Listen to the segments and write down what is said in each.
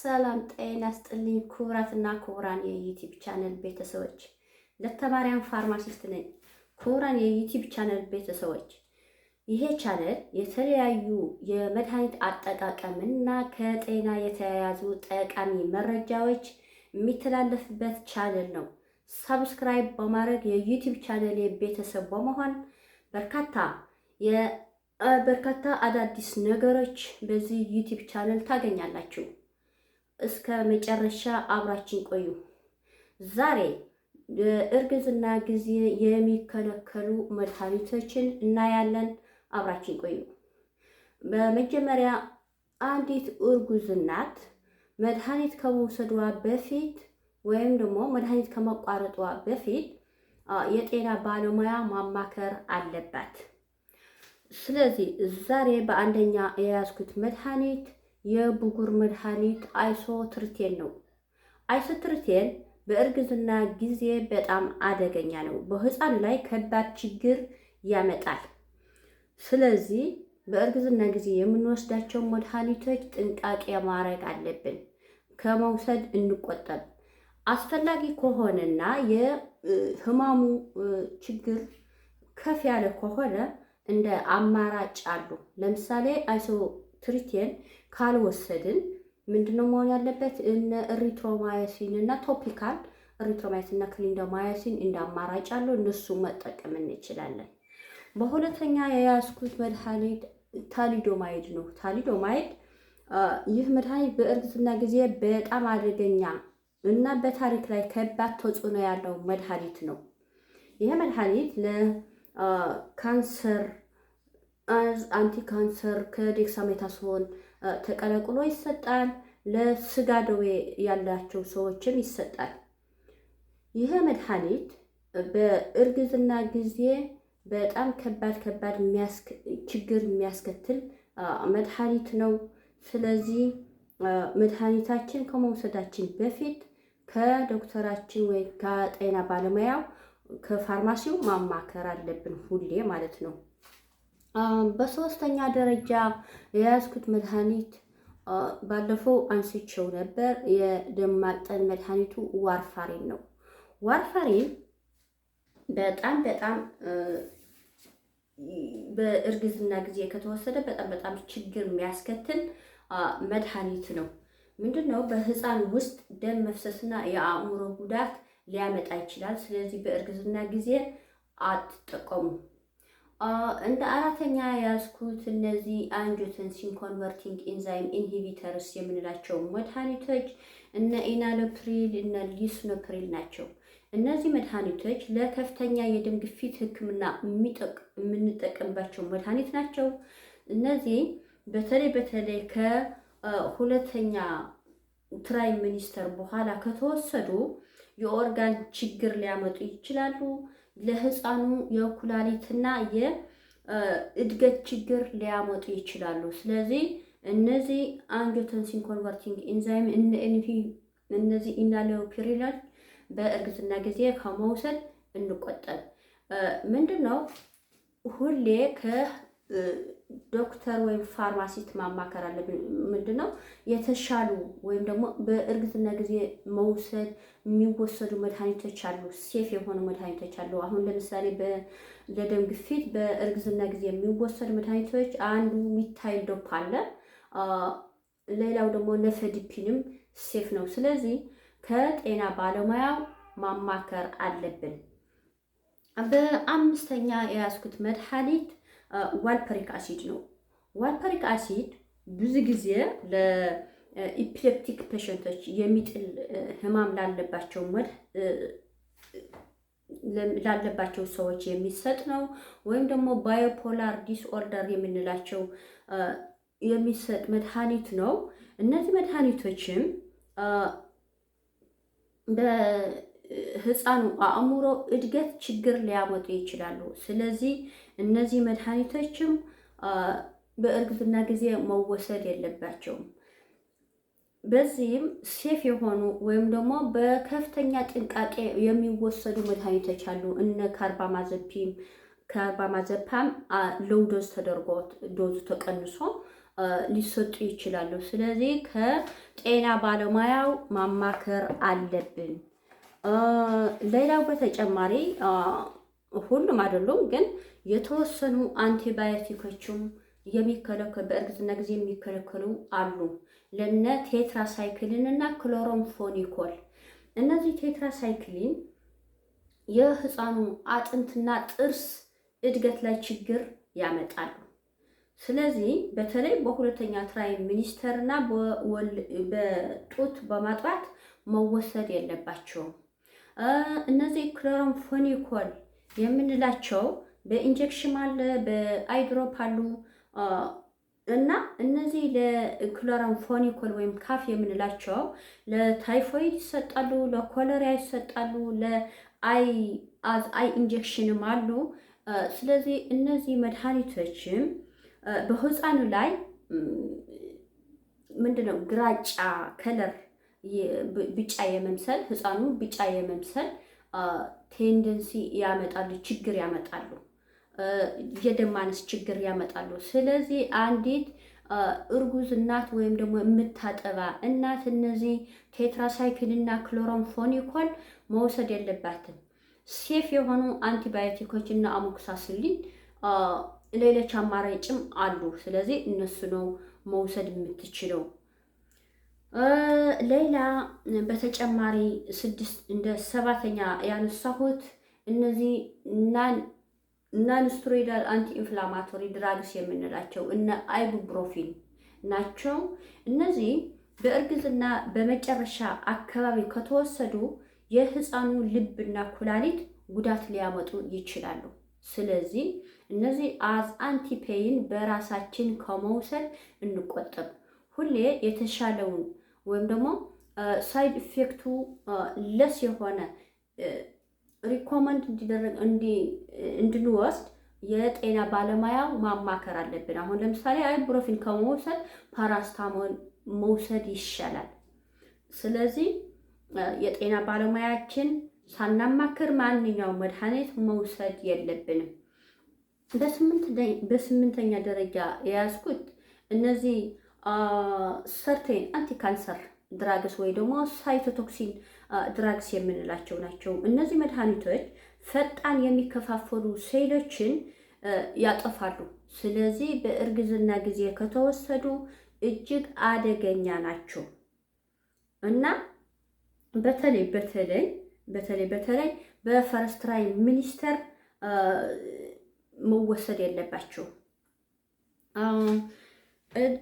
ሰላም ጤና ስጥልኝ ኩብራትና ኩብራን የዩቲዩብ ቻነል ቤተሰቦች፣ ለተማሪያም ፋርማሲስት ነኝ። ኩብራን የዩቲዩብ ቻነል ቤተሰቦች ይሄ ቻነል የተለያዩ የመድኃኒት አጠቃቀምና ከጤና የተያያዙ ጠቃሚ መረጃዎች የሚተላለፍበት ቻነል ነው። ሰብስክራይብ በማድረግ የዩቲዩብ ቻነል ቤተሰብ በመሆን በርካታ የበርካታ አዳዲስ ነገሮች በዚህ ዩቲዩብ ቻነል ታገኛላችሁ። እስከ መጨረሻ አብራችን ቆዩ። ዛሬ እርግዝና ጊዜ የሚከለከሉ መድኃኒቶችን እናያለን። አብራችን ቆዩ። በመጀመሪያ አንዲት እርጉዝ እናት መድኃኒት ከመውሰዷ በፊት ወይም ደግሞ መድኃኒት ከመቋረጧ በፊት የጤና ባለሙያ ማማከር አለባት። ስለዚህ ዛሬ በአንደኛ የያዝኩት መድኃኒት የብጉር መድኃኒት አይሶትርቴን ነው። አይሶትርቴን በእርግዝና ጊዜ በጣም አደገኛ ነው። በህፃን ላይ ከባድ ችግር ያመጣል። ስለዚህ በእርግዝና ጊዜ የምንወስዳቸው መድኃኒቶች ጥንቃቄ ማድረግ አለብን። ከመውሰድ እንቆጠብ። አስፈላጊ ከሆነና የህማሙ ችግር ከፍ ያለ ከሆነ እንደ አማራጭ አሉ። ለምሳሌ አይሶ ትሪቴን ካልወሰድን ምንድነው መሆን ያለበት? እነ ኢሪትሮማያሲን እና ቶፒካል ኢሪትሮማያሲን እና ክሊንዳማያሲን እንደ አማራጭ አለው እነሱ መጠቀም እንችላለን። በሁለተኛ የያዝኩት መድኃኒት ታሊዶማይድ ነው። ታሊዶማይድ ይህ መድኃኒት በእርግዝና ጊዜ በጣም አደገኛ እና በታሪክ ላይ ከባድ ተጽዕኖ ያለው መድኃኒት ነው። ይህ መድኃኒት ለካንሰር አንቲ ካንሰር ከዴክሳሜታሶን ተቀላቅሎ ይሰጣል። ለስጋ ደዌ ያላቸው ሰዎችም ይሰጣል። ይህ መድኃኒት በእርግዝና ጊዜ በጣም ከባድ ከባድ ችግር የሚያስከትል መድኃኒት ነው። ስለዚህ መድኃኒታችን ከመውሰዳችን በፊት ከዶክተራችን ወይ ከጤና ባለሙያው ከፋርማሲው ማማከር አለብን ሁሌ ማለት ነው። በሶስተኛ ደረጃ የያዝኩት መድኃኒት ባለፈው አንስቼው ነበር። የደም ማቅጠን መድኃኒቱ ዋርፋሪን ነው። ዋርፋሪን በጣም በጣም በእርግዝና ጊዜ ከተወሰደ በጣም በጣም ችግር የሚያስከትል መድኃኒት ነው። ምንድን ነው በህፃን ውስጥ ደም መፍሰስና የአእምሮ ጉዳት ሊያመጣ ይችላል። ስለዚህ በእርግዝና ጊዜ አትጠቀሙ። እንደ አራተኛ ያዝኩት እነዚህ አንጆተንሲን ኮንቨርቲንግ ኢንዛይም ኢንሂቢተርስ የምንላቸው መድኃኒቶች እነ ኢናሎፕሪል እነ ሊስኖፕሪል ናቸው። እነዚህ መድኃኒቶች ለከፍተኛ የደም ግፊት ሕክምና የምንጠቀምባቸው መድኃኒት ናቸው። እነዚህ በተለይ በተለይ ከሁለተኛ ትራይ ሚኒስተር በኋላ ከተወሰዱ የኦርጋን ችግር ሊያመጡ ይችላሉ። ለህፃኑ የኩላሊትና የእድገት ችግር ሊያመጡ ይችላሉ። ስለዚህ እነዚህ አንጆተንሲን ኮንቨርቲንግ ኢንዛይም እነኤንቪ እነዚህ ኢናሌዮፒሪላል በእርግዝና ጊዜ ከመውሰድ እንቆጠብ። ምንድን ነው ሁሌ ከ ዶክተር ወይም ፋርማሲስት ማማከር አለብን። ምንድን ነው የተሻሉ ወይም ደግሞ በእርግዝና ጊዜ መውሰድ የሚወሰዱ መድኃኒቶች አሉ፣ ሴፍ የሆኑ መድኃኒቶች አሉ። አሁን ለምሳሌ ለደም ግፊት በእርግዝና ጊዜ የሚወሰዱ መድኃኒቶች አንዱ ሚታይል ዶፕ አለ፣ ሌላው ደግሞ ነፈዲፒንም ሴፍ ነው። ስለዚህ ከጤና ባለሙያው ማማከር አለብን። በአምስተኛ የያዝኩት መድኃኒት ዋልፐሪክ አሲድ ነው። ዋልፐሪክ አሲድ ብዙ ጊዜ ለኢፕሌፕቲክ ፔሸንቶች የሚጥል ህማም ላለባቸው መድ ላለባቸው ሰዎች የሚሰጥ ነው። ወይም ደግሞ ባዮፖላር ዲስኦርደር የምንላቸው የሚሰጥ መድኃኒት ነው። እነዚህ መድኃኒቶችም ህፃኑ አእምሮ እድገት ችግር ሊያመጡ ይችላሉ። ስለዚህ እነዚህ መድኃኒቶችም በእርግዝና ጊዜ መወሰድ የለባቸውም። በዚህም ሴፍ የሆኑ ወይም ደግሞ በከፍተኛ ጥንቃቄ የሚወሰዱ መድኃኒቶች አሉ። እነ ካርባማዘፒም ካርባማዘፓም ሎውዶዝ ተደርጎ ዶዙ ተቀንሶ ሊሰጡ ይችላሉ። ስለዚህ ከጤና ባለሙያው ማማከር አለብን። ሌላው በተጨማሪ ሁሉም አይደሉም ግን የተወሰኑ አንቲባዮቲኮችም የሚከለከሉ በእርግዝና ጊዜ የሚከለከሉ አሉ። ለነ ቴትራሳይክሊን እና ክሎሮምፎኒኮል እነዚህ ቴትራሳይክሊን የህፃኑ አጥንትና ጥርስ እድገት ላይ ችግር ያመጣሉ። ስለዚህ በተለይ በሁለተኛ ትራይ ሚኒስተር እና በጡት በማጥባት መወሰድ የለባቸውም። እነዚህ ፎኒኮል የምንላቸው በኢንጀክሽን አለ፣ በአይድሮፕ አሉ እና እነዚህ ለክሎሮምፌኒኮል ወይም ካፍ የምንላቸው ለታይፎይድ ይሰጣሉ፣ ለኮሌራ ይሰጣሉ፣ ለአይ አዝ አይ ኢንጀክሽንም አሉ። ስለዚህ እነዚህ መድኃኒቶችም በህፃኑ ላይ ምንድነው ግራጫ ከለር ቢጫ የመምሰል ህፃኑ ቢጫ የመምሰል ቴንደንሲ ያመጣሉ፣ ችግር ያመጣሉ፣ የደም ማነስ ችግር ያመጣሉ። ስለዚህ አንዲት እርጉዝ እናት ወይም ደግሞ የምታጠባ እናት እነዚህ ቴትራሳይክል እና ክሎሮንፎኒኮል መውሰድ የለባትም። ሴፍ የሆኑ አንቲባዮቲኮች እና አሞክሳስሊን ሌሎች አማራጭም አሉ። ስለዚህ እነሱ ነው መውሰድ የምትችለው። ሌላ በተጨማሪ ስድስት እንደ ሰባተኛ ያነሳሁት እነዚህ ናን ስቴሮይዳል አንቲ ኢንፍላማቶሪ ድራግስ የምንላቸው እነ አይቡፕሮፊን ናቸው። እነዚህ በእርግዝና በመጨረሻ አካባቢ ከተወሰዱ የህፃኑ ልብና ኩላሊት ጉዳት ሊያመጡ ይችላሉ። ስለዚህ እነዚህ አዝ አንቲፔይን በራሳችን ከመውሰድ እንቆጠብ። ሁሌ የተሻለውን ወይም ደግሞ ሳይድ ኢፌክቱ ለስ የሆነ ሪኮመንድ እንዲደረግ እንድንወስድ የጤና ባለሙያ ማማከር አለብን። አሁን ለምሳሌ አይብሮፊን ከመውሰድ ፓራስታሞል መውሰድ ይሻላል። ስለዚህ የጤና ባለሙያችን ሳናማክር ማንኛውም መድኃኒት መውሰድ የለብንም። በስምንተኛ ደረጃ የያዝኩት እነዚህ ሰርቴን አንቲ ካንሰር ድራግስ ወይ ደግሞ ሳይቶቶክሲን ድራግስ የምንላቸው ናቸው። እነዚህ መድኃኒቶች ፈጣን የሚከፋፈሉ ሴሎችን ያጠፋሉ። ስለዚህ በእርግዝና ጊዜ ከተወሰዱ እጅግ አደገኛ ናቸው እና በተለይ በተለይ በተለይ በተለይ በፈረስትራይ ሚኒስተር መወሰድ የለባቸው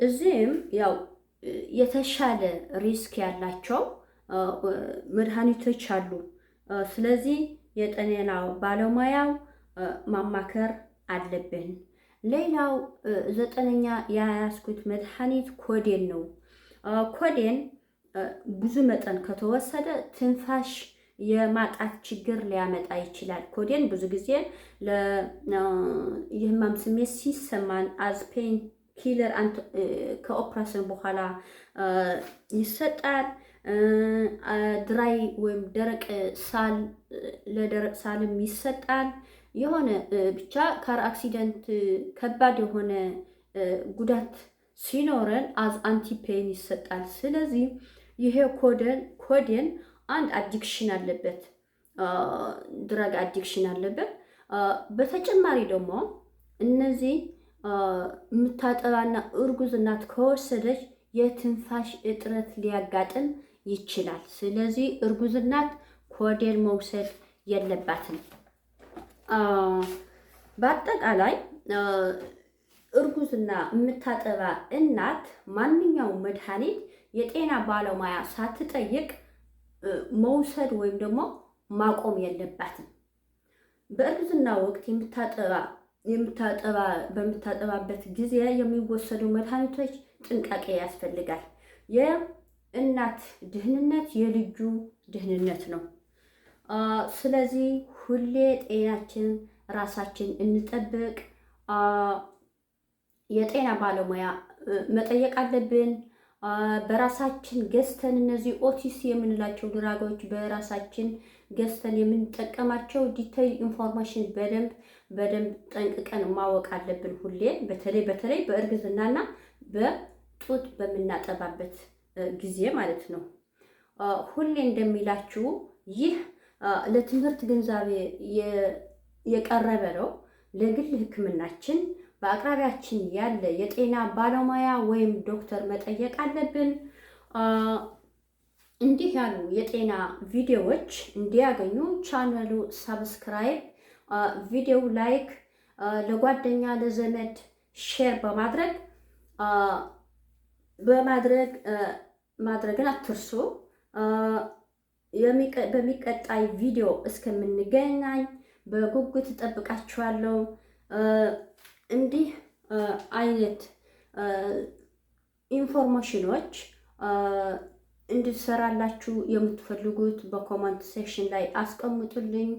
እዚህም ያው የተሻለ ሪስክ ያላቸው መድኃኒቶች አሉ። ስለዚህ የጤና ባለሙያው ማማከር አለብን። ሌላው ዘጠነኛ የያዝኩት መድኃኒት ኮዴን ነው። ኮዴን ብዙ መጠን ከተወሰደ ትንፋሽ የማጣት ችግር ሊያመጣ ይችላል። ኮዴን ብዙ ጊዜ የህመም ስሜት ሲሰማን አዝፔን ኪለር ከኦፕራሽን በኋላ ይሰጣል። ድራይ ወይም ደረቅ ሳል ለደረቅ ሳልም ይሰጣል። የሆነ ብቻ ካር አክሲደንት ከባድ የሆነ ጉዳት ሲኖረን አዝ አንቲፔን ይሰጣል። ስለዚህ ይሄ ኮደን ኮዴን አንድ አዲክሽን አለበት፣ ድረግ አዲክሽን አለበት። በተጨማሪ ደግሞ እነዚህ የምታጠባና እርጉዝ እናት ከወሰደች የትንፋሽ እጥረት ሊያጋጥም ይችላል። ስለዚህ እርጉዝ እናት ኮዴል መውሰድ የለባትም። በአጠቃላይ እርጉዝና የምታጠባ እናት ማንኛውም መድኃኒት የጤና ባለሙያ ሳትጠይቅ መውሰድ ወይም ደግሞ ማቆም የለባትም። በእርግዝና ወቅት የምታጠባ በምታጠባበት ጊዜ የሚወሰዱ መድኃኒቶች ጥንቃቄ ያስፈልጋል። የእናት ድህንነት የልጁ ድህንነት ነው። ስለዚህ ሁሌ ጤናችን ራሳችን እንጠብቅ። የጤና ባለሙያ መጠየቅ አለብን። በራሳችን ገዝተን እነዚህ ኦቲስ የምንላቸው ድራጎች በራሳችን ገዝተን የምንጠቀማቸው ዲቴይል ኢንፎርሜሽን በደንብ በደንብ ጠንቅቀን ማወቅ አለብን። ሁሌ በተለይ በተለይ በእርግዝናና በጡት በምናጠባበት ጊዜ ማለት ነው። ሁሌ እንደሚላችሁ ይህ ለትምህርት ግንዛቤ የቀረበ ነው። ለግል ሕክምናችን በአቅራቢያችን ያለ የጤና ባለሙያ ወይም ዶክተር መጠየቅ አለብን። እንዲህ ያሉ የጤና ቪዲዮዎች እንዲያገኙ ቻናሉ ሰብስክራይብ፣ ቪዲዮው ላይክ፣ ለጓደኛ ለዘመድ ሼር በማድረግ በማድረግ ማድረግን አትርሱ። በሚቀጣይ ቪዲዮ እስከምንገናኝ በጉጉት እጠብቃችኋለሁ። እንዲህ አይነት ኢንፎርሜሽኖች እንድትሰራላችሁ የምትፈልጉት በኮመንት ሴክሽን ላይ አስቀምጡልኝ።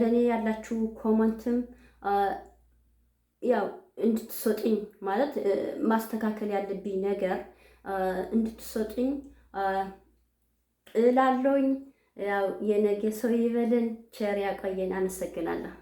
ለእኔ ያላችሁ ኮመንትም ያው እንድትሰጡኝ ማለት ማስተካከል ያለብኝ ነገር እንድትሰጡኝ እላለሁኝ። ያው የነገ ሰው ይበልን። ቸር ያቆየን። አመሰግናለሁ።